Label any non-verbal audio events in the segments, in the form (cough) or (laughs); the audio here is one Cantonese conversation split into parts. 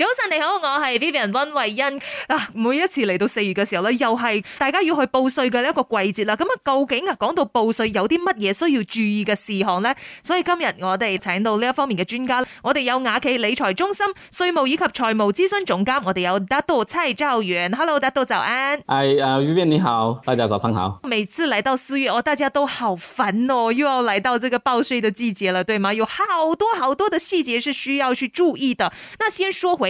早晨，你好，我係 Vivian 溫慧欣。啊，每一次嚟到四月嘅時候咧，又係大家要去報稅嘅一個季節啦。咁啊，究竟啊，講到報稅有啲乜嘢需要注意嘅事項呢？所以今日我哋請到呢一方面嘅專家，我哋有亞企理財中心稅務以及財務咨詢總監，我哋有拿督蔡兆源。Hello，拿督早安。Hi,uh, Vivian 你好，大家早上好。每次嚟到四月，哦，大家都好煩哦，又要嚟到呢個報稅嘅季節了，對嗎？有好多好多嘅細節是需要去注意的。那先說回。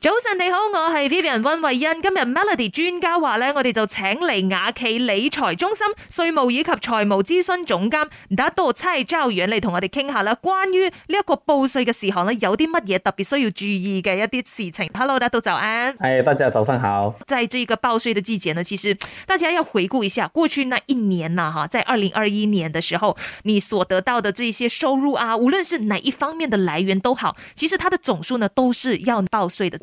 早晨你好，我係 Vivian 溫慧欣。今日 Melody 專家話咧，我哋就請嚟亞企理財中心稅務以及財務諮詢總監，拿督蔡兆源嚟同我哋傾下啦。關於呢一個報稅嘅時候呢，有啲乜嘢特別需要注意嘅一啲事情。Hello，大家早安。Hey, 大家早上好。在這個報稅嘅季節呢，其實大家要回顧一下過去那一年啦，哈，在二零二一年的時候，你所得到的這些收入啊，無論是哪一方面的來源都好，其實它的總數呢，都是要報稅的。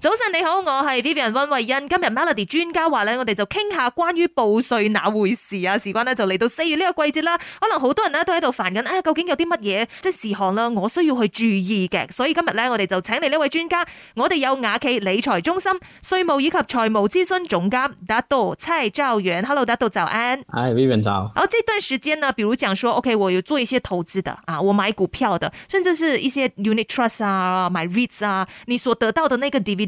早晨你好，我係 Vivian 溫慧欣。今日 Melody 專家話咧，我哋就傾下關於報稅那回事啊。事關咧就嚟到四月呢個季節啦，可能好多人咧都喺度煩緊啊。究竟有啲乜嘢即係事項啦，我需要去注意嘅。所以今日咧，我哋就請嚟呢位專家。我哋有亞企理財中心稅務以及財務諮詢總監拿督蔡兆源。Hello，拿督早安。Hi，Vivian 早。咁、哦、這段時間呢，比如講說，OK，我有做一些投資的啊，我買股票的，甚至是一些 unit trust 啊，買 REITs 啊，你所得到的那個 dividend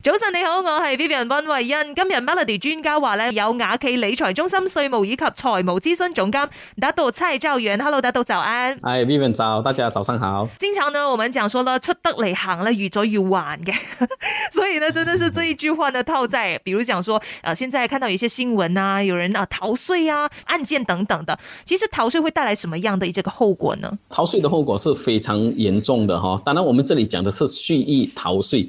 早晨你好，我是 Vivian 溫慧恩。今日 Melody 專家話呢，有亞企理財中心稅務以及財務諮詢總監，拿督蔡兆源，Hello，拿督早安。哎，Vivian 早，大家早上好。經常呢，我們講說呢，出得嚟行呢，預咗要還嘅， (laughs) 所以呢，真的是這一句話呢，套在，比如講說，啊、呃，現在看到一些新聞啊，有人啊逃稅啊案件等等的，其實逃稅會帶來什麼樣的一這個後果呢？逃稅的後果是非常嚴重的哈，當然我們這裏講的是蓄意逃稅。